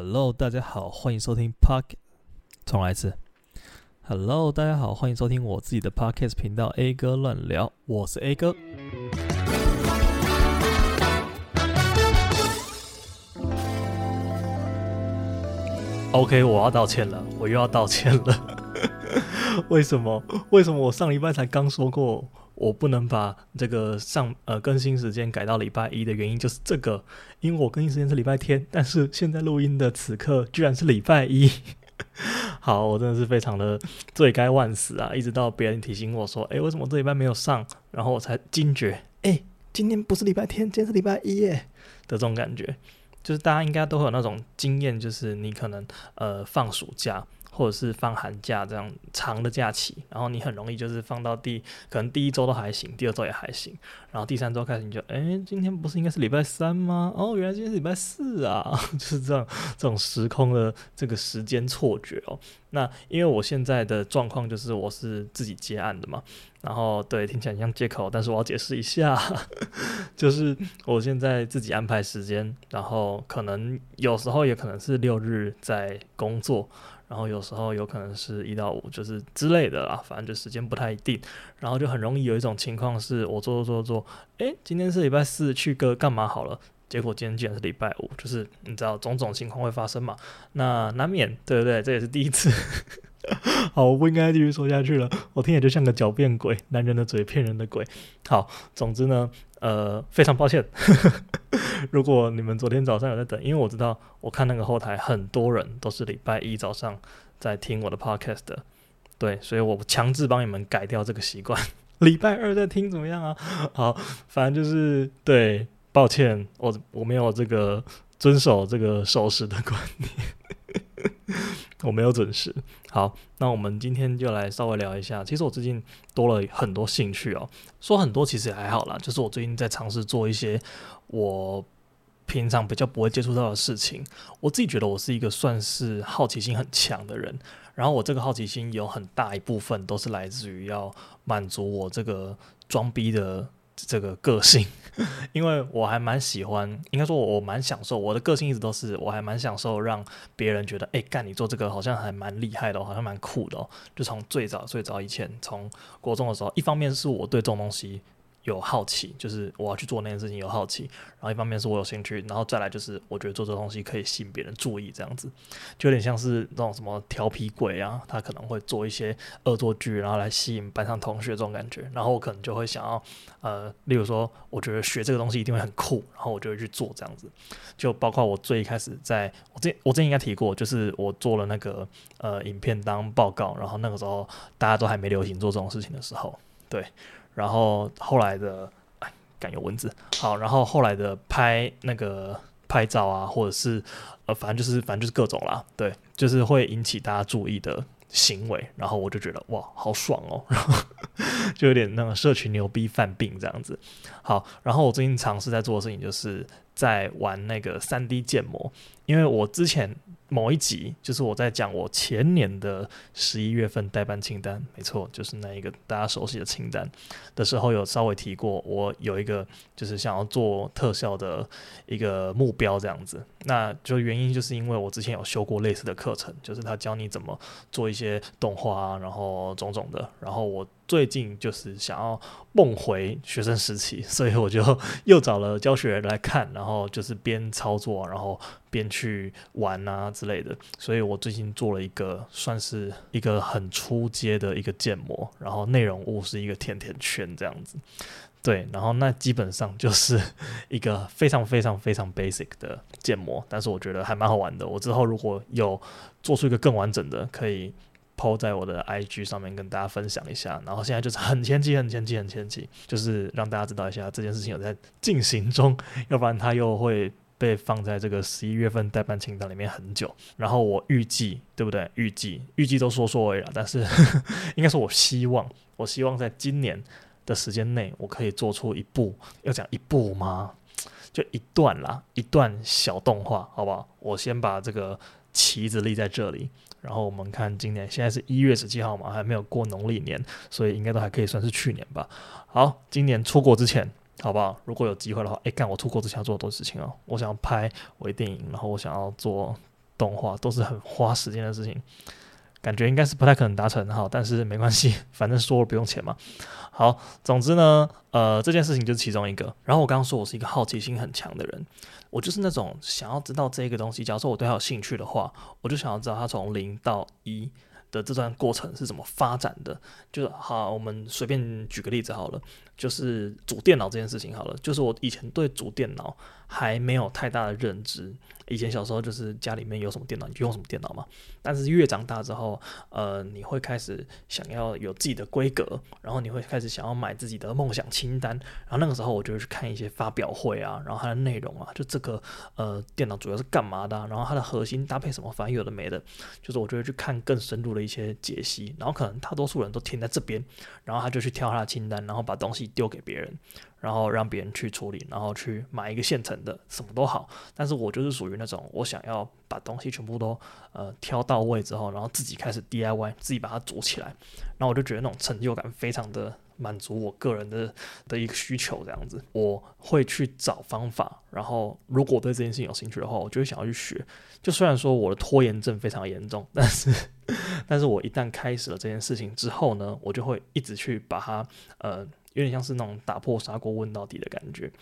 Hello，大家好，歡迎收聽 Park Podcast...。重來一次。Hello，大家好，歡迎收聽我自己的 Podcast 頻道 A 哥亂聊，我是 A 哥。OK，我要道歉了，我又要道歉了。 為什麼？為什麼我上禮拜才剛說過？我不能把這個上呃更新時間改到禮拜一的原因就是這個，因為我更新時間是禮拜天，但是現在錄音的此刻居然是禮拜一。 好，我真的是非常的罪該萬死啊！ 一直到別人提醒我說，欸，為什麼這禮拜沒有上？然後我才驚覺，欸，今天不是禮拜天，今天是禮拜一耶的這種感覺。就是大家應該都會有那種經驗，就是你可能呃放暑假。或者是放寒假這樣長的假期，然後你很容易就是放到第可能第一周都還行，第二周也還行，然後第三周開始你就哎，今天不是應該是禮拜三嗎？哦，原來今天是禮拜四啊，就是這樣這種時空的這個時間錯覺哦。那因為我現在的狀況就是我是自己接案的嘛，然後對，聽起來很像借口，但是我要解釋一下，就是我現在自己安排時間，然後可能有時候也可能是六日在工作。然後有時候有可能是一到五，就是之類的啦，反正就時間不太一定。然後就很容易有一種情況是，我做做做做，哎，今天是禮拜四去個幹嘛好了，結果今天竟然是禮拜五，就是你知道種種情況會發生嘛？那難免對不對？這也是第一次。 好，我不應該繼續說下去了，我聽也就像個狡辯鬼，男人的嘴騙人的鬼。好，總之呢。呃，非常抱歉呵呵，如果你們昨天早上有在等，因為我知道，我看那個後台很多人都是禮拜一早上在聽我的 podcast 的，對，所以我強制幫你們改掉這個習慣，禮拜二在聽怎麼樣啊？好，反正就是對，抱歉，我我沒有這個遵守這個守時的觀念。我沒有準時。好，那我們今天就來稍微聊一下。其實我最近多了很多興趣哦，說很多其實也還好啦。就是我最近在嘗試做一些我平常比較不會接觸到的事情。我自己覺得我是一個算是好奇心很強的人，然後我這個好奇心有很大一部分都是來自於要滿足我這個裝逼的。這個個性，因為我還蠻喜歡，應該說我蠻享受我的個性一直都是，我還蠻享受讓別人覺得，哎、欸，幹你做這個好像還蠻厲害的，好像蠻酷的，就從最早最早以前，從國中的時候，一方面是我對這種東西。有好奇，就是我要去做那件事情，有好奇。然後一方面是我有興趣，然後再來就是我覺得做這個東西可以吸引別人注意，這樣子就有點像是那種什麼調皮鬼啊，他可能會做一些惡作劇，然後來吸引班上同學這種感覺。然後我可能就會想要，呃，例如說，我覺得學這個東西一定會很酷，然後我就會去做這樣子。就包括我最一開始在我之前，我之前應該提過，就是我做了那個呃影片當報告，然後那個時候大家都還沒流行做這種事情的時候，對。然後後來的，哎，敢有文字好，然後後來的拍那個拍照啊，或者是呃，反正就是反正就是各種啦，對，就是會引起大家注意的行為。然後我就覺得哇，好爽哦，然後就有點那個社群牛逼犯病這樣子。好，然後我最近嘗試在做的事情就是在玩那個三 D 建模，因為我之前。某一集，就是我在講我前年的十一月份待辦清單，沒錯，就是那一個大家熟悉的清單的時候，有稍微提過，我有一個就是想要做特效的一個目標這樣子。那就原因就是因為我之前有修過類似的課程，就是他教你怎麼做一些動畫啊，然後種種的。然後我最近就是想要夢回學生時期，所以我就又找了教學人來看，然後就是邊操作，然後邊去玩啊之類的。所以我最近做了一個算是一個很初階的一個建模，然後內容物是一個甜甜圈這樣子。對，然後那基本上就是一個非常非常非常 basic 的建模，但是我覺得還蠻好玩的。我之後如果有做出一個更完整的，可以 po 在我的 IG 上面跟大家分享一下。然後現在就是很前期、很前期、很前期，就是讓大家知道一下這件事情有在進行中，要不然它又會被放在這個十一月份待辦清單裡面很久。然後我預計，對不對？預計、預計都說說而已啦，但是呵呵應該是我希望，我希望在今年的時間內，我可以做出一部，要講一部嗎？就一段啦，一段小動畫，好不好？我先把這個旗子，立在這裡，然後我們看今年現在是一月十七號嘛，還沒有過農曆年，所以應該都還可以算是去年吧。好，今年出國之前，好不好？如果有機會的話，哎，幹我出國之前要做很多事情哦。我想要拍微電影，然後我想要做動畫，都是很花時間的事情。感覺應該是不太可能達成哈，但是沒關係，反正說了不用錢嘛。好，總之呢，呃，這件事情就是其中一個。然後我剛剛說我是一個好奇心很強的人，我就是那種想要知道這個東西，假如說我對它有興趣的話，我就想要知道它從零到一的這段過程是怎麼發展的。就好，我們隨便舉個例子好了，就是組電腦這件事情好了，就是我以前對組電腦還沒有太大的認知。以前小時候就是家裡面有什麼電腦你就用什麼電腦嘛。但是越長大之後，呃，你會開始想要有自己的規格，然後你會開始想要買自己的夢想清單。然後那個時候，我就會去看一些發表會啊，然後它的內容啊，就這個呃電腦主要是幹嘛的啊，然後它的核心搭配什麼，反正有的沒的，就是我覺得去看更深入的一些解析。然後可能大多數人都停在這邊，然後他就去挑他的清單，然後把東西丟給別人。然後讓別人去處理，然後去買一個現成的，什麼都好。但是我就是屬於那種，我想要把東西全部都呃挑到位之後，然後自己開始 DIY，自己把它做起來。然後我就覺得那種成就感非常的滿足我個人的的一個需求。這樣子，我會去找方法。然後如果我對這件事情有興趣的話，我就會想要去學。就雖然說我的拖延症非常嚴重，但是，但是我一旦開始了這件事情之後呢，我就會一直去把它呃。有點像是那種打破砂鍋問到底的感覺，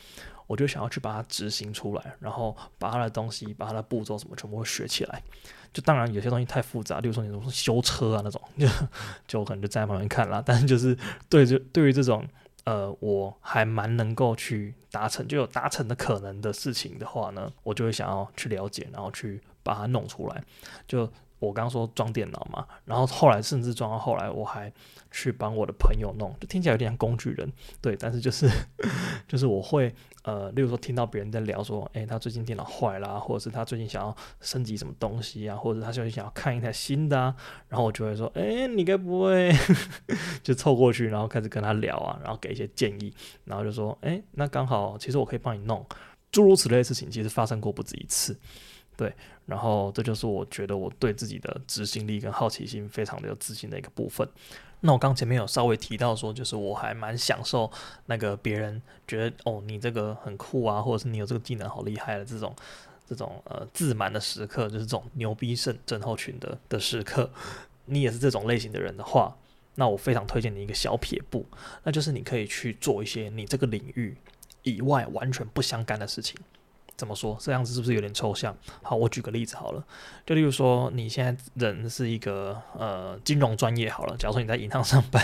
我就想要去把它執行出來，然後把他的東西、把他的步驟什麼全部都學起來。就當然有些東西太複雜，比如說你修車啊那種，就就可能就在旁邊看啦。但是就是對這，這對於這種呃，我還蠻能夠去達成就有達成的可能的事情的話呢，我就會想要去了解，然後去把它弄出來。就我剛剛說裝電腦嘛，然後後來甚至裝到後來，我還去幫我的朋友弄，就聽起來有點像工具人，對，但是就是就是我會呃，例如說聽到別人在聊說，誒，他最近電腦壞了啊，或者是他最近想要升級什麼東西啊，或者是他最近想要看一台新的啊，然後我就會說，誒，你該不會 就湊過去，然後開始跟他聊啊，然後給一些建議，然後就說，誒，那剛好其實我可以幫你弄，諸如此類的事情其實發生過不止一次。對，然後這就是我覺得我對自己的執行力跟好奇心非常的有自信的一個部分。那我剛前面有稍微提到說，就是我還蠻享受那個別人覺得，哦，你這個很酷啊，或者是你有這個技能好厲害的這種這種呃自滿的時刻，就是這種牛逼勝症候群的的時刻。你也是這種類型的人的話，那我非常推薦你一個小撇步，那就是你可以去做一些你這個領域以外完全不相干的事情。怎麼說？這樣子是不是有點抽象？好，我舉個例子好了。就例如說，你現在人是一個呃金融專業好了。假如說你在銀行上班，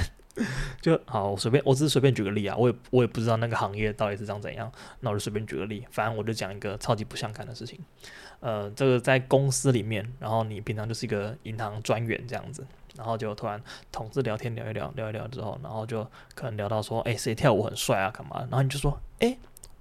就好，我隨便，我只是隨便舉個例啊。我也我也不知道那個行業到底是長怎樣，那我就隨便舉個例。反正我就講一個超級不相干的事情。呃，這個在公司裡面，然後你平常就是一個銀行專員這樣子，然後就突然同事聊天聊一聊，聊一聊之後，然後就可能聊到說，誒、欸，誰跳舞很帥啊，幹嘛？然後你就說，誒、欸……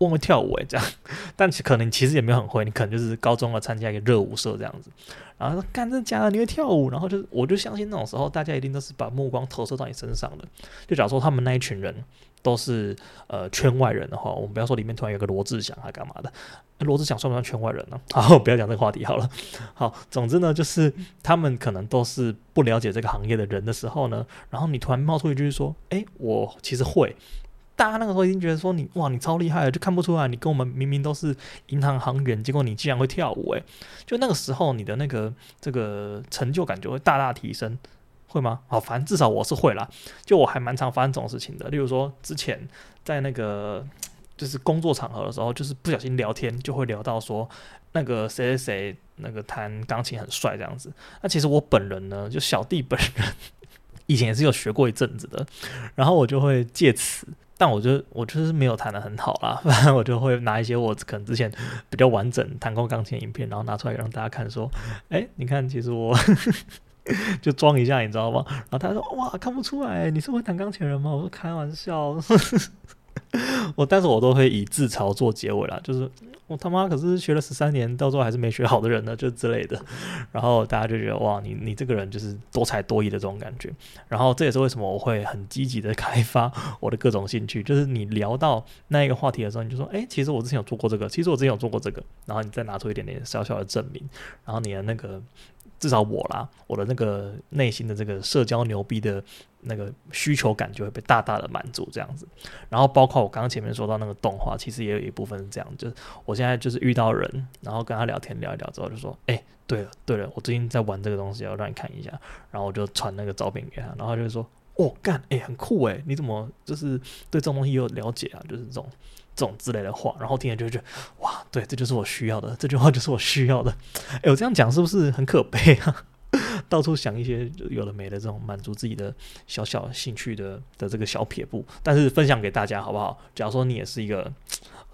會跳舞誒、欸，這樣，但其可能你其實也沒有很會，你可能就是高中了參加一個熱舞社這樣子，然後幹，真的假的，你會跳舞，然後就我就相信那種時候，大家一定都是把目光投射到你身上的。就假如說他們那一群人都是呃圈外人的話，我們不要說裡面突然有個羅志祥還幹嘛的，呃、羅志祥算不算圈外人呢？好，不要講這個話題好了。好，總之呢，就是他們可能都是不了解這個行業的人的時候呢，然後你突然冒出一句說，哎、欸，我其實會。大家那個時候已經覺得說你哇，你超厲害了，就看不出來你跟我們明明都是銀行行員，結果你竟然會跳舞誒、欸。就那個時候你的那個這個成就感就會大大提升，會嗎？好、哦，反正至少我是會啦。就我還蠻常發生這種事情的，例如說之前在那個就是工作場合的時候，就是不小心聊天就會聊到說那個誰誰誰那個彈鋼琴很帥這樣子。那其實我本人呢，就小弟本人 以前也是有學過一陣子的，然後我就會借此。但我就我就是沒有彈得很好啦，不然我就會拿一些我可能之前比較完整彈過鋼琴影片，然後拿出來讓大家看，說，哎、欸，你看，其實我 就裝一下，你知道嗎？然後他說，哇，看不出來，你是會彈鋼琴人嗎？我說開玩笑， 我但是我都會以自嘲做結尾啦，就是。我他媽可是學了十三年，到最後還是沒學好的人呢，就之類的。然後大家就覺得哇，你你這個人就是多才多藝的這種感覺。然後這也是為什麼我會很積極的開發我的各種興趣。就是你聊到那一個話題的時候，你就說，誒，其實我之前有做過這個，其實我之前有做過這個。然後你再拿出一點點小小的證明，然後你的那個，至少我啦，我的那個內心的這個社交牛逼的。那個需求感就會被大大的滿足，這樣子。然後包括我剛剛前面說到那個動畫，其實也有一部分是這樣，就是我現在就是遇到人，然後跟他聊天聊一聊之後，就說：“誒，對了對了，我最近在玩這個東西，要讓你看一下。”然後我就傳那個照片給他，然後他就說：“哦，幹，誒，很酷誒，欸，你怎麼就是對這種東西有了解啊？就是這種這種之類的話。”然後聽了就覺得：“哇，對，這就是我需要的，這句話就是我需要的。”誒，我這樣講是不是很可悲啊？到處想一些有的沒的這種滿足自己的小小興趣的的這個小撇步，但是分享給大家好不好？假如說你也是一個，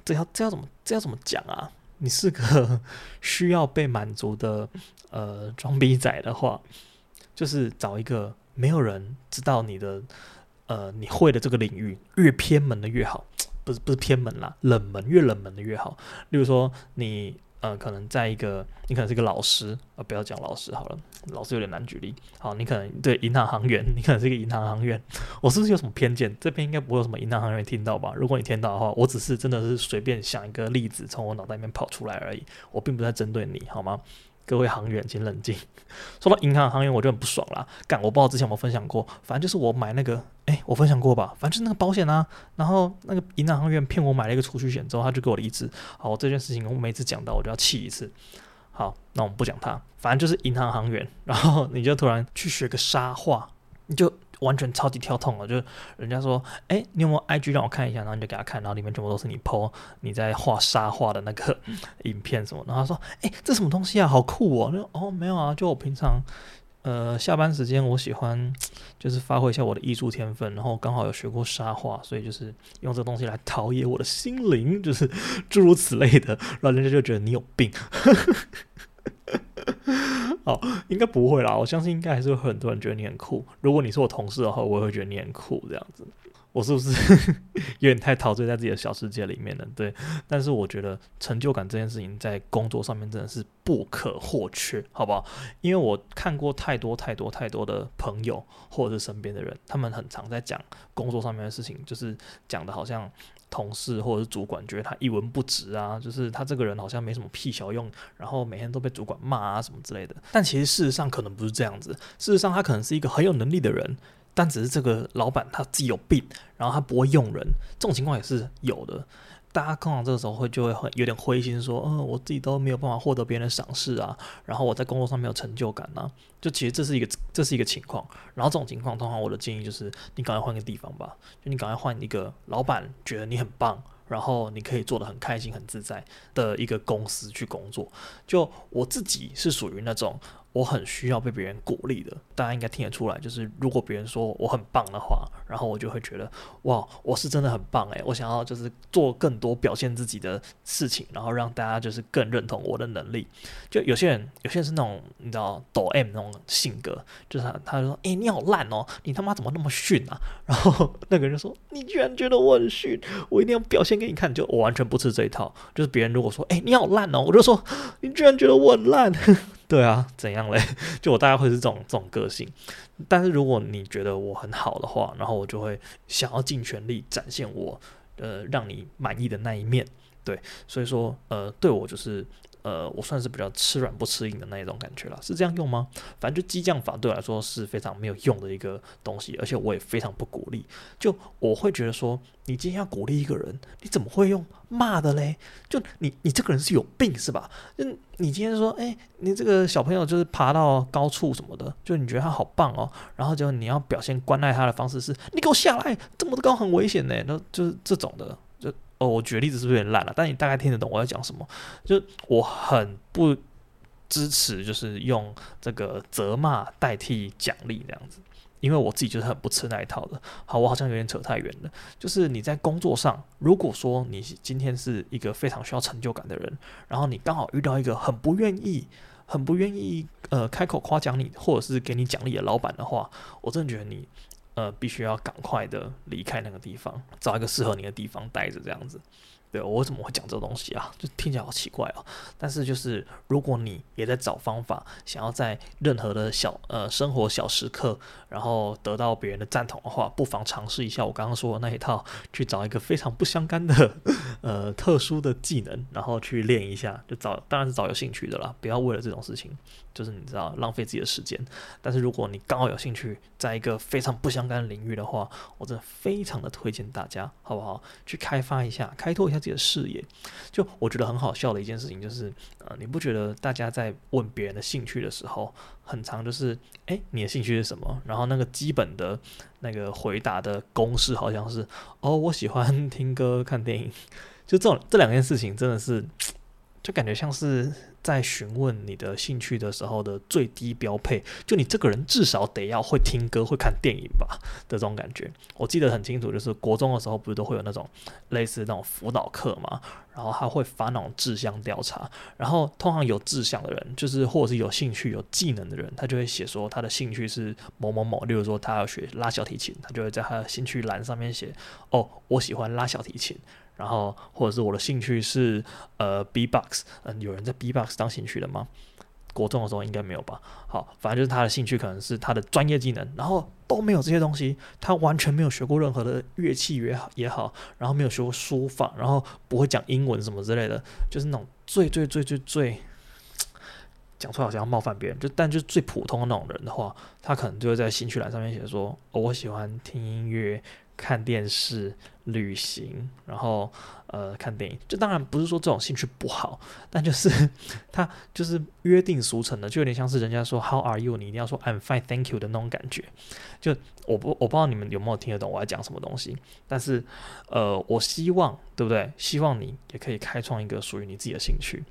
這要這要怎麼這要怎麼講啊？你是個需要被滿足的呃裝逼仔的話，就是找一個沒有人知道你的呃你會的這個領域，越偏門的越好，不是不是偏門啦，冷門，越冷門的越好。例如說你。嗯、呃，可能在一個，你可能是一個老師，呃，不要講老師好了，老師有點難舉例。好，你可能對銀行行員，你可能是一個銀行行員。我是不是有什麼偏見？這邊應該不會有什麼銀行行員聽到吧？如果你聽到的話，我只是真的是隨便想一個例子從我腦袋裡面跑出來而已，我並不在針對你，好嗎？各位行員，請冷靜。說到銀行行員，我就很不爽啦。幹，我不知道之前我們分享過，反正就是我買那個，誒、欸，我分享過吧。反正就是那個保險啊，然後那個銀行行員騙我買了一個儲蓄險，之後他就給我離職。好，我這件事情我每次講到，我就要氣一次。好，那我們不講他，反正就是銀行行員，然後你就突然去學個沙畫，你就。完全超級跳痛了，就人家說，哎、欸，你有沒有 IG 讓我看一下？然後你就給他看，然後裡面全部都是你 PO，你在畫沙畫的那個影片什麼的？然後他說，哎、欸，這什麼東西啊，好酷哦、喔！那哦，沒有啊，就我平常呃下班時間，我喜歡就是發揮一下我的藝術天分，然後剛好有學過沙畫，所以就是用這東西來陶冶我的心靈，就是諸如此類的，然後人家就覺得你有病。 哦，應該不會啦。我相信應該還是有很多人覺得你很酷。如果你是我同事的話，我也會覺得你很酷。這樣子，我是不是呵呵有點太陶醉在自己的小世界裡面了？對，但是我覺得成就感這件事情在工作上面真的是不可或缺，好不好？因為我看過太多太多太多的朋友或者是身邊的人，他們很常在講工作上面的事情，就是講的好像。同事或者是主管覺得他一文不值啊，就是他這個人好像沒什麼屁小用，然後每天都被主管罵啊什麼之類的。但其實事實上可能不是這樣子，事實上他可能是一個很有能力的人，但只是這個老板他自己有病，然後他不會用人，這種情況也是有的。大家可能這個時候就會就會很有點灰心說，說、呃、嗯，我自己都沒有辦法獲得別人的賞識啊，然後我在工作上沒有成就感啊。就其實這是一個這是一個情況，然後這種情況，通常我的建議就是，你趕快換個地方吧，就你趕快換一個老闆覺得你很棒，然後你可以做得很開心很自在的一個公司去工作。就我自己是屬於那種。我很需要被別人鼓勵的，大家應該聽得出來。就是如果別人說我很棒的話，然後我就會覺得哇，我是真的很棒哎！我想要就是做更多表現自己的事情，然後讓大家就是更認同我的能力。就有些人，有些人是那種你知道抖 M 那種性格，就是他他就說哎，你好爛哦，你他媽怎麼那麼遜啊？然後那個人就說你居然覺得我很遜，我一定要表現給你看。就我完全不吃這一套。就是別人如果說哎，你好爛哦，我就說你居然覺得我很爛。對啊，怎樣嘞？就我大概會是這種這種個性，但是如果你覺得我很好的話，然後我就會想要盡全力展現我，呃，讓你滿意的那一面。對，所以說，呃，對我就是。呃，我算是比較吃軟不吃硬的那一種感覺了，是這樣用嗎？反正就激將法對我來說是非常沒有用的一個東西，而且我也非常不鼓勵。就我會覺得說，你今天要鼓勵一個人，你怎麼會用罵的嘞？就你你這個人是有病是吧？嗯，你今天說，誒、欸，你這個小朋友就是爬到高處什麼的，就你覺得他好棒哦，然後就你要表現關愛他的方式是，你給我下來，這麼的高很危險呢，那就是這種的。哦，我舉的例子是不是有點爛了啊？但你大概聽得懂我要講什麼。就我很不支持，就是用這個責罵代替獎勵這樣子，因為我自己就是很不吃那一套的。好，我好像有點扯太遠了。就是你在工作上，如果說你今天是一個非常需要成就感的人，然後你剛好遇到一個很不願意、很不願意呃開口誇獎你或者是給你獎勵的老闆的話，我真的覺得你。呃，必須要趕快的離開那個地方，找一個適合你的地方待着，這樣子。對，我怎麼會講這個東西啊？就聽起來好奇怪哦。但是就是，如果你也在找方法，想要在任何的小呃生活小時刻，然後得到別人的贊同的話，不妨嘗試一下我剛剛說的那一套，去找一個非常不相干的。 呃，特殊的技能，然後去練一下，就找當然是找有興趣的啦，不要為了這種事情，就是你知道浪費自己的時間。但是如果你剛好有興趣，在一個非常不相干的領域的話，我真的非常的推薦大家，好不好？去開發一下，開拓一下自己的視野。就我覺得很好笑的一件事情，就是呃，你不覺得大家在問別人的興趣的時候，很常，就是誒，你的興趣是什麼？然後那個基本的那個回答的公式好像是，哦，我喜歡聽歌、看電影，就這種這兩件事情，真的是。就感覺像是在詢問你的興趣的時候的最低標配，就你這個人至少得要會聽歌、會看電影吧的這種感覺。我記得很清楚，就是國中的時候，不是都會有那種類似那種輔導課嘛，然後他會發那種志向調查，然後通常有志向的人，就是或者是有興趣、有技能的人，他就會寫說他的興趣是某某某，例如說他要學拉小提琴，他就會在他的興趣欄上面寫：哦，我喜歡拉小提琴。然後，或者是我的興趣是呃，B-box，呃。嗯，有人在 B-box 當興趣的嗎？國中的時候應該沒有吧。好，反正就是他的興趣可能是他的專業技能，然後都沒有這些東西，他完全沒有學過任何的樂器也好也好，然後沒有學過書法，然後不會講英文什麼之類的，就是那種最最最最最，講出來好像要冒犯別人，就但就是最普通的那種人的話，他可能就會在興趣欄上面寫說，哦，我喜歡聽音樂。看電視、旅行，然後呃看電影，這當然不是說這種興趣不好，但就是它就是約定俗成的，就有點像是人家說 “How are you？” 你一定要說 “I'm fine, thank you” 的那種感覺。就我不我不知道你們有沒有聽得懂我在講什麼東西，但是呃我希望對不對？希望你也可以開創一個屬於你自己的興趣。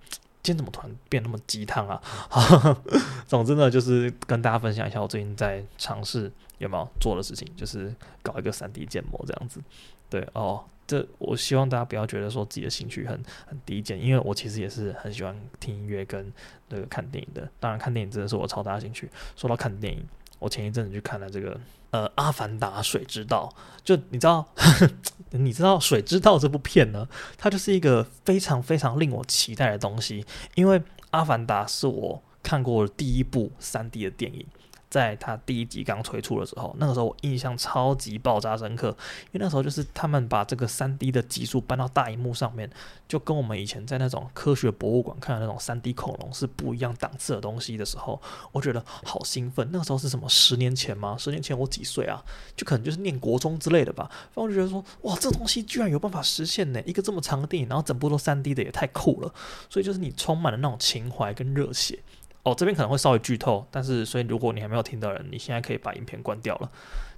今天怎麼突然變那麼雞湯啊呵呵？總之呢，就是跟大家分享一下我最近在嘗試有沒有做的事情就是搞一個三 D 建模這樣子？對哦，這我希望大家不要覺得說自己的興趣很很低賤，因為我其實也是很喜歡聽音樂跟那個看電影的。當然，看電影真的是我超大興趣。說到看電影，我前一陣子去看了這個呃《阿凡達水之道》，就你知道，呵呵你知道《水之道》這部片呢，它就是一個非常非常令我期待的東西，因為《阿凡達》是我看過的第一部三 D 的電影。在他第一集剛推出的時候，那個時候我印象超級爆炸深刻，因為那時候就是他們把這個三 D 的技術搬到大熒幕上面，就跟我們以前在那種科學博物館看的那種三 D 恐龍是不一樣檔次的東西的時候，我覺得好興奮。那個時候是什麼？十年前嗎？十年前我幾歲啊？就可能就是念國中之類的吧。然後我就覺得說，哇，這東西居然有辦法實現呢！一個這麼長的電影，然後整部都三 D 的，也太酷了。所以就是你充滿了那種情懷跟熱血。哦，這邊可能會稍微劇透，但是所以如果你還沒有聽到人，你現在可以把影片關掉了。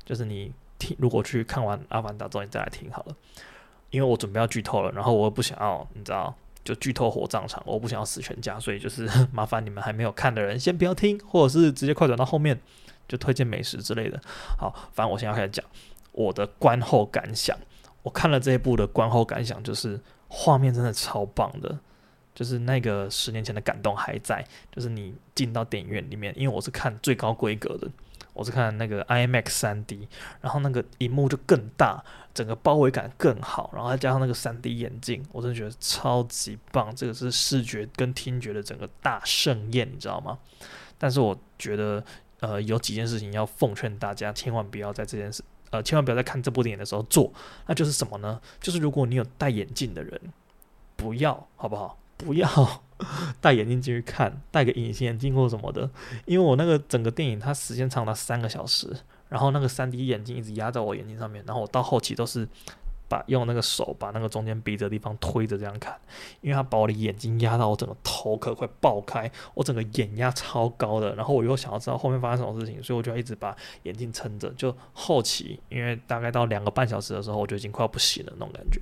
就是你聽，如果去看完《阿凡達》之後你再來聽好了，因為我準備要劇透了，然後我又不想要你知道，就劇透《火葬場》，我不想要死全家，所以就是麻煩你們還沒有看的人先不要聽，或者是直接快轉到後面就推薦美食之類的。好，反正我現在開始講我的觀後感想，我看了這一部的觀後感想就是畫面真的超棒的。就是那個十年前的感動還在，就是你進到電影院裡面，因為我是看最高規格的，我是看那個 IMAX 三 D，然後那個熒幕就更大，整個包圍感更好，然後再加上那個三 D 眼鏡，我真的覺得超級棒，這個是視覺跟聽覺的整個大盛宴，你知道嗎？但是我覺得，呃，有幾件事情要奉勸大家，千萬不要在這件事，呃，千萬不要在看這部電影的時候做，那就是什麼呢？就是如果你有戴眼鏡的人，不要，好不好？不要戴眼鏡進去看，戴個隱形眼鏡或什麼的，因為我那個整個電影它時間長達三個小時，然後那個 3D 眼鏡一直壓在我眼睛上面，然後我到後期都是把用那個手把那個中間鼻子的地方推着這樣看，因為它把我的眼睛壓到我整個頭殼快爆開，我整個眼壓超高的，然後我又想要知道後面發生什麼事情，所以我就要一直把眼鏡撐着，就後期因為大概到兩個半小時的時候，我就已經快要不行了那種感覺。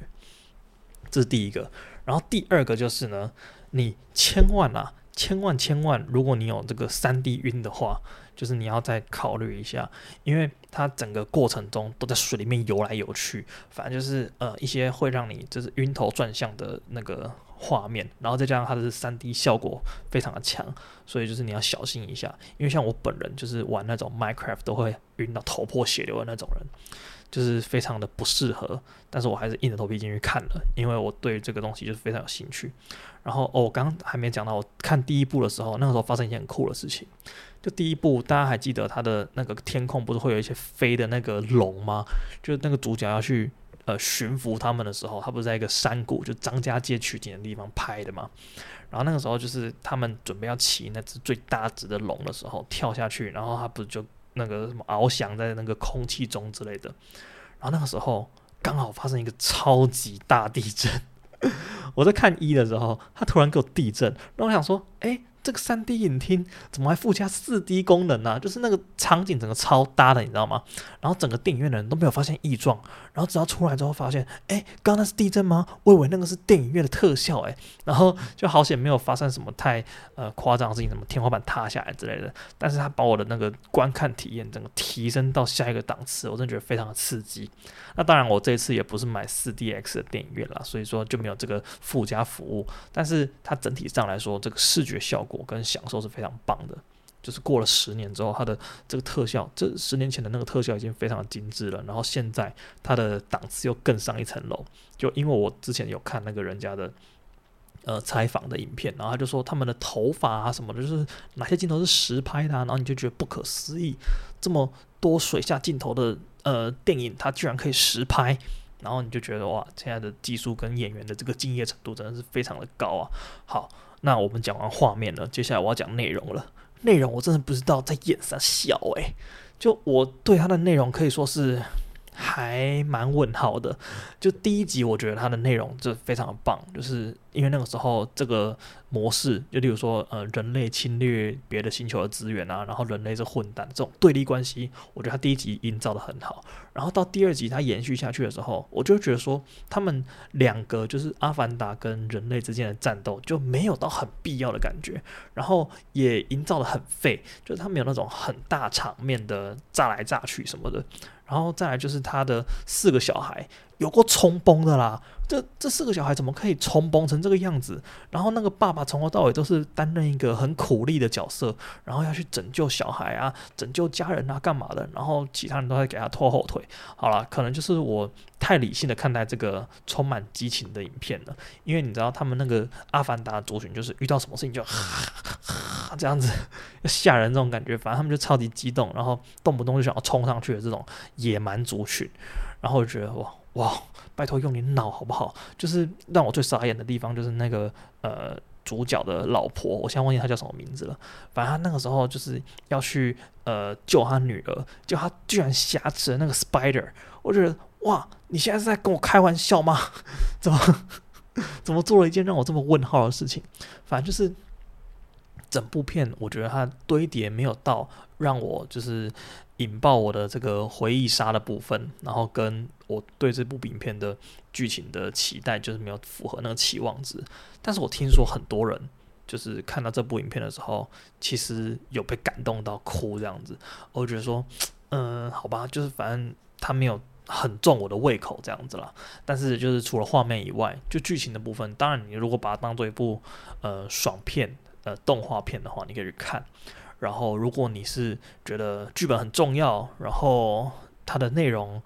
這是第一個，然後第二個就是呢，你千萬啊，千萬千萬，如果你有這個 3D 暈的話，就是你要再考慮一下，因為它整個過程中都在水裡面游來游去，反正就是呃一些會讓你就是暈頭轉向的那個畫面，然後再加上它的 3D 效果非常的強，所以就是你要小心一下，因為像我本人就是玩那種 Minecraft 都會暈到頭破血流的那種人。就是非常的不適合，但是我還是硬着頭皮進去看了，因為我對這個東西就是非常有興趣。然後哦，我剛剛還沒講到，我看第一部的時候，那個時候發生一件很酷的事情。就第一部，大家還記得它的那個天空不是會有一些飛的那個龍嗎？就是那個主角要去呃馴服他們的時候，他不是在一個山谷，就張家界取景的地方拍的嗎？然後那個時候就是他們準備要騎那隻最大隻的龍的時候，跳下去，然後他不是就。那個什麼翱翔在那個空氣中之類的，然後那個時候剛好發生一個超級大地震，我在看一、e、的時候，他突然給我地震，然後我想說，哎。這個 3D 影廳怎麼還附加 4D 功能呢？啊。就是那個場景整個超搭的，你知道嗎？然後整個電影院的人都沒有發現異狀，然後只要出來之後發現，哎，剛剛那是地震嗎？我以為那個是電影院的特效哎，欸。然後就好險沒有發生什麼太呃誇張的事情，什麼天花板塌下來之類的。但是他把我的那個觀看體驗整個提升到下一個檔次，我真的覺得非常的刺激。那當然我這一次也不是買 4DX 的電影院啦，所以說就沒有這個附加服務。但是它整體上來說，這個視覺效果。我跟享受是非常棒的，就是過了十年之後，它的這個特效，這十年前的那個特效已經非常精緻了，然後現在它的檔次又更上一層樓。就因為我之前有看那個人家的呃採訪的影片，然後他就說他們的頭髮啊什麼，就是哪些鏡頭是實拍的啊，然後你就覺得不可思議，這麼多水下鏡頭的呃電影，它居然可以實拍，然後你就覺得哇，現在的技術跟演員的這個敬業程度真的是非常的高啊。好。那我們講完畫面了，接下來我要講內容了。內容我真的不知道在演啥，笑哎、欸，就我對它的內容可以說是還蠻問號的，就第一集我覺得它的內容就非常的棒，就是因為那個時候這個模式，就例如說呃人類侵略別的星球的資源啊，然後人類是混蛋這種對立關係，我覺得它第一集營造的很好。然後到第二集它延續下去的時候，我就覺得說他們兩個就是阿凡達跟人類之間的戰鬥就沒有到很必要的感覺，然後也營造的很廢，就是它沒有那種很大場面的炸來炸去什麼的。然後再來就是他的四個小孩。有過衝崩的啦，這這四個小孩怎麼可以衝崩成這個樣子？然後那個爸爸從頭到尾都是擔任一個很苦力的角色，然後要去拯救小孩啊，拯救家人啊，幹嘛的？然後其他人都在給他拖後腿。好了，可能就是我太理性的看待這個充滿激情的影片了，因為你知道他們那個阿凡達族群就是遇到什麼事情就呵呵呵這樣子嚇人這種感覺，反正他們就超級激動，然後動不動就想要衝上去的這種野蠻族群，然後覺得哇。哇，拜託用你腦好不好？就是讓我最傻眼的地方，就是那個呃主角的老婆，我現在忘記他叫什麼名字了。反正他那個時候就是要去呃救他女兒，就他居然挾持了那個 Spider。我覺得哇，你現在是在跟我開玩笑嗎？怎麼怎麼做了一件讓我這麼問號的事情？反正就是。整部片我覺得它堆疊沒有到讓我就是引爆我的這個回憶殺的部分，然後跟我對這部影片的劇情的期待就是沒有符合那個期望值。但是我聽說很多人就是看到這部影片的時候，其實有被感動到哭這樣子。我覺得說，嗯、呃，好吧，就是反正它沒有很重我的胃口這樣子啦。但是就是除了畫面以外，就劇情的部分，當然你如果把它當做一部呃爽片，呃，動畫片的話你可以去看，然後如果你是覺得劇本很重要，然後它的內容，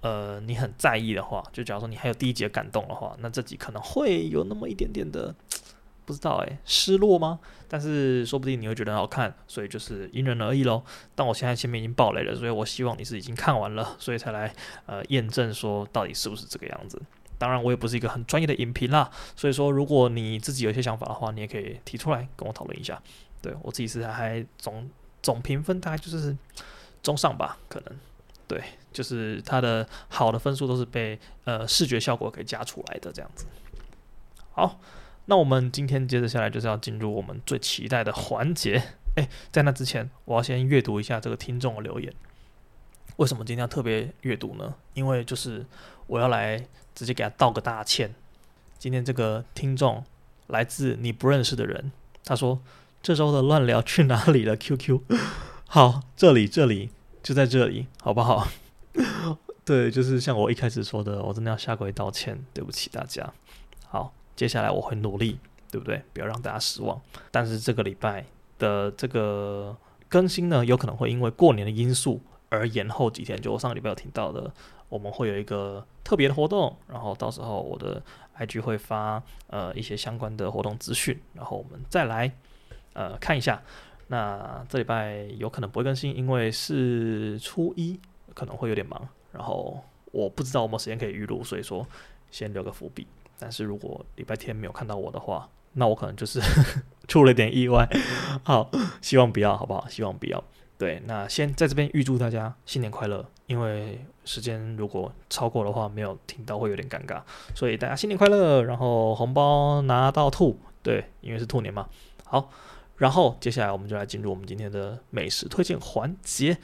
呃，你很在意的話，就假如說你還有第一集感動的話，那這集可能會有那麼一點點的，不知道哎、欸，失落嗎？但是說不定你會覺得很好看，所以就是因人而異嘍。但我現在前面已經爆雷了，所以我希望你是已經看完了，所以才來呃驗證說到底是不是這個樣子。當然，我也不是一個很專業的影評啦，所以說，如果你自己有一些想法的話，你也可以提出來跟我討論一下。對，我自己是還還總總評分大概就是中上吧，可能對，就是它的好的分數都是被呃視覺效果給加出來的這樣子。好，那我們今天接着下來就是要進入我們最期待的環節。欸，在那之前，我要先閱讀一下這個聽眾的留言。為什麼今天要特別閱讀呢？因為就是我要來。直接給他道個大歉。今天這個聽眾來自你不認識的人，他說：“這周的亂聊去哪裡了？”QQ，好，這裡這裡就在這裡，好不好？ 對，就是像我一開始說的，我真的要下跪道歉，對不起大家。好，接下來我會努力，對不對？不要讓大家失望。但是這個禮拜的這個更新呢，有可能會因為過年的因素而延後幾天。就我上個禮拜有聽到的。我們會有一個特別的活動，然後到時候我的 IG 會發呃一些相關的活動資訊，然後我們再來呃看一下。那這禮拜有可能不會更新，因為是初一，可能會有點忙。然後我不知道我們時間可以預錄，所以說先留個伏筆。但是如果禮拜天沒有看到我的話，那我可能就是呵呵出了點意外。好，希望不要，好不好？希望不要。對，那先在這邊預祝大家新年快樂。因為時間如果超過的話，沒有聽到會有點尷尬，所以大家新年快樂，然後紅包拿到兔。對，因為是兔年嘛。好，然後接下來我們就來進入我們今天的美食推薦環節。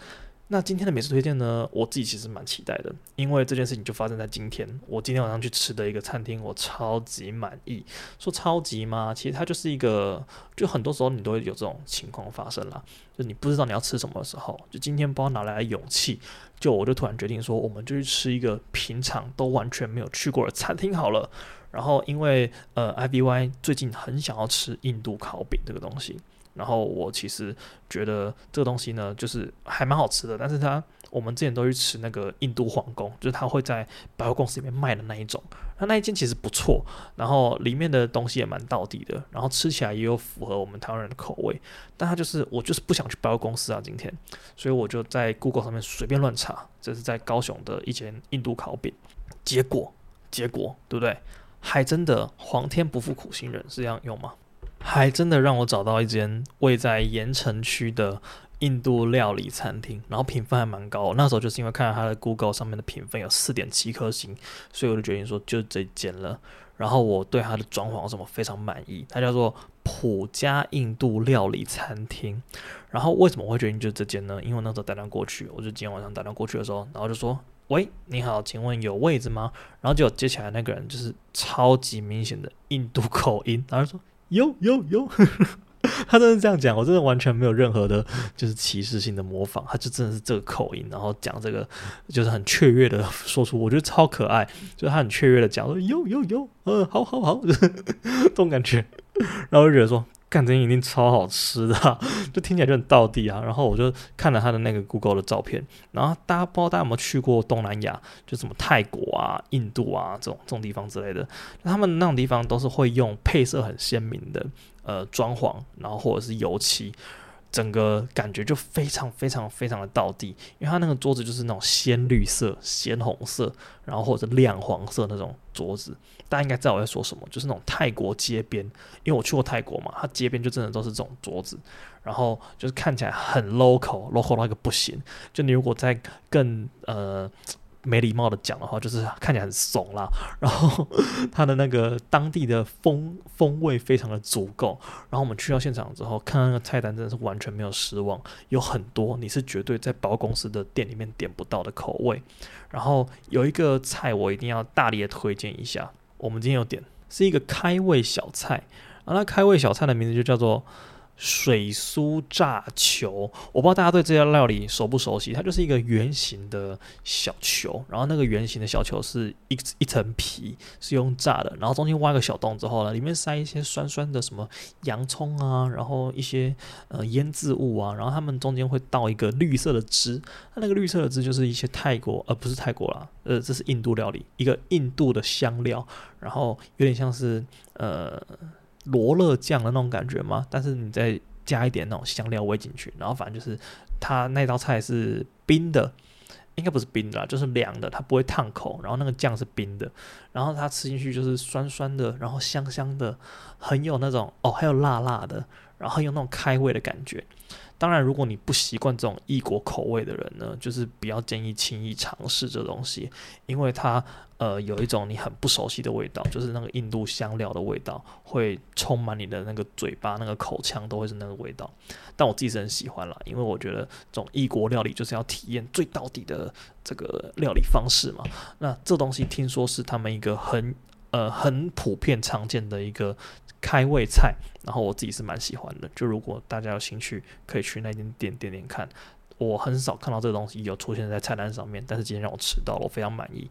那今天的美食推薦呢？我自己其實蠻期待的，因為這件事情就發生在今天。我今天晚上去吃的一個餐廳，我超級滿意。說超級嘛？其實它就是一個，就很多時候你都會有這種情況發生啦。就你不知道你要吃什麼的時候，就今天不知道哪來的勇氣，就我就突然決定說，我們就去吃一個平常都完全沒有去過的餐廳好了。然後因為呃，Ivy 最近很想要吃印度烤餅這個東西。然後我其實覺得這個東西呢，就是還蠻好吃的。但是它，我們之前都去吃那個印度皇宮，就是它會在百貨公司裡面賣的那一種。它那一間其實不錯，然後裡面的東西也蠻道地的，然後吃起來也有符合我們台灣人的口味。但它就是我就是不想去百貨公司啊，今天，所以我就在 Google 上面隨便亂查，這是在高雄的一間印度烤餅。結果，結果，對不對？還真的，皇天不負苦心人，是這樣用嗎？還真的讓我找到一間位在鹽城區的印度料理餐廳，然後評分還蠻高。那時候就是因為看到它的 Google 上面的評分有四點七顆星，所以我就決定說就這間了。然後我對它的裝潢什麼非常滿意，它叫做普加印度料理餐廳。然後為什麼我會決定就這間呢？因為那時候打電話過去，我就今天晚上打電話過去的時候，然後就說：喂，你好，請問有位置嗎？然後就接起來那個人就是超級明顯的印度口音，然後說。呦呦呦，他真的是這樣講，我真的完全沒有任何的，就是歧視性的模仿，他就真的是這個口音，然後講這個就是很雀躍的說出，我覺得超可愛，就是他很雀躍的講說呦呦呦，呃，好，好，好，呵呵這種感覺，然後我就覺得說。感覺一定超好吃的啊，就聽起來就很道地啊！然後我就看了他的那個 Google 的照片，然後大家不知道大家有沒有去過東南亞，就什麼泰國啊、印度啊這種這種地方之類的，他們那種地方都是會用配色很鮮明的呃裝潢，然後或者是油漆。整個感覺就非常非常非常的道地，因為它那個桌子就是那種鮮綠色、鮮紅色，然後或者亮黃色那種桌子，大家應該知道我在說什麼，就是那種泰國街邊，因為我去過泰國嘛，它街邊就真的都是這種桌子，然後就是看起來很 local，local local 到一個不行，就你如果在更呃。沒禮貌的講的話，就是看起來很慫啦。然後呵呵，它的那個當地的風風味非常的足夠。然後我們去到現場之後，看看那個菜單真的是完全沒有失望，有很多你是絕對在包公司的店裡面點不到的口味。然後有一個菜我一定要大力的推薦一下，我們今天有點是一個開胃小菜，然後那開胃小菜的名字就叫做。水酥炸球，我不知道大家對這些料理熟不熟悉。它就是一個圓形的小球，然後那個圓形的小球是一一層皮，是用炸的，然後中間挖個小洞之後呢，裡面塞一些酸酸的什麼洋蔥啊，然後一些呃醃漬物啊，然後它們中間會倒一個綠色的汁。它那個綠色的汁就是一些泰國，呃不是泰國啦，呃這是印度料理，一個印度的香料，然後有點像是呃。羅勒醬的那種感覺嗎？但是你再加一點那種香料味進去，然後反正就是它那道菜是冰的，應該不是冰的啦，就是涼的，它不會燙口。然後那個醬是冰的，然後它吃進去就是酸酸的，然後香香的，很有那種哦，還有辣辣的，然後有那種開胃的感覺。當然，如果你不習慣這種異國口味的人呢，就是不要建議輕易嘗試這東西，因為它呃有一種你很不熟悉的味道，就是那個印度香料的味道，會充滿你的那個嘴巴、那個口腔，都會是那個味道。但我自己是很喜歡啦，因為我覺得這種異國料理就是要體驗最到底的這個料理方式嘛。那這東西聽說是他們一個很。呃，很普遍常見的一個開胃菜，然後我自己是蠻喜歡的。就如果大家有興趣，可以去那間店點點看。我很少看到這個東西有出現在菜單上面，但是今天讓我吃到了，我非常滿意。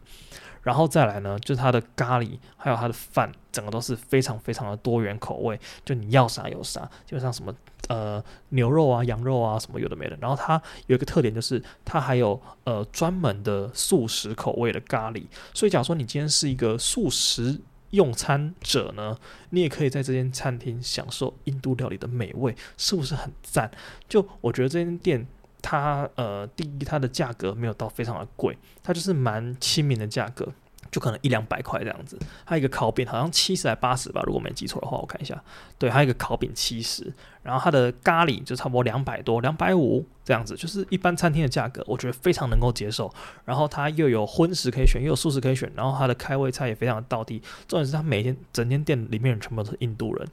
然後再來呢，就是它的咖喱，還有它的飯，整個都是非常非常的多元口味。就你要啥有啥，基本上什麼。呃，牛肉啊，羊肉啊，什麼有的沒的。然後它有一個特點，就是它還有呃專門的素食口味的咖喱。所以假如說你今天是一個素食用餐者呢，你也可以在這間餐廳享受印度料理的美味，是不是很讚？就我覺得這間店，它呃第一它的價格沒有到非常的貴，它就是蠻親民的價格，就可能一兩百塊這樣子。還有一個烤餅，好像七十還八十吧，如果沒記錯的話，我看一下，對，還有一個烤餅七十。然後它的咖喱就差不多兩百多，兩百五這樣子，就是一般餐廳的價格，我覺得非常能夠接受。然後它又有葷食可以選，又有素食可以選。然後它的開胃菜也非常的道地。重點是它每天整間店裡面全部都是印度人，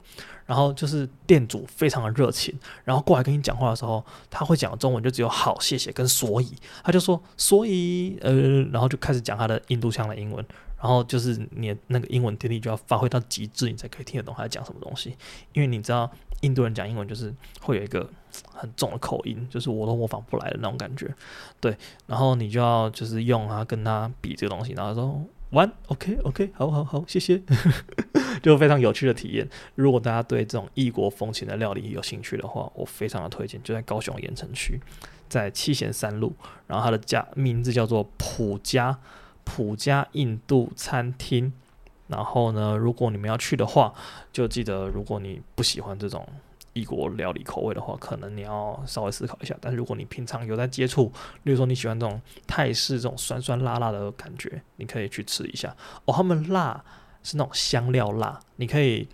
然後就是店主非常的熱情。然後過來跟你講話的時候，他會講中文，就只有好、謝謝跟所以，他就說所以呃，然後就開始講他的印度腔的英文。然後就是你那個英文聽力就要發揮到極致，你才可以聽得懂他在講什麼東西，因為你知道。印度人講英文就是會有一個很重的口音，就是我都模仿不來的那種感覺，對。然後你就要就是用啊跟他比這個東西，然後說 One OK OK，好好好，謝謝， 就非常有趣的體驗。如果大家對這種異國風情的料理有興趣的話，我非常的推薦，就在高雄鹽埕區，在七賢三路，然後它的家名字叫做普加普加印度餐廳。然後呢，如果你們要去的話，就記得，如果你不喜歡這種異國料理口味的話，可能你要稍微思考一下。但是如果你平常有在接觸，例如說你喜歡這種泰式這種酸酸辣辣的感覺，你可以去吃一下。哦，他們辣是那種香料辣，你可以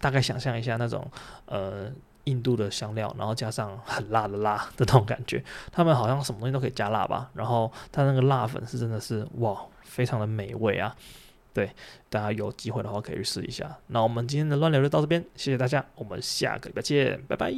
大概想象一下那種呃印度的香料，然後加上很辣的辣的那種感覺。他們好像什麼東西都可以加辣吧？然後他那個辣粉是真的是哇，非常的美味啊！對，大家有機會的話可以去試一下。那我們今天的亂聊就到這邊，謝謝大家，我們下個禮拜見，拜拜。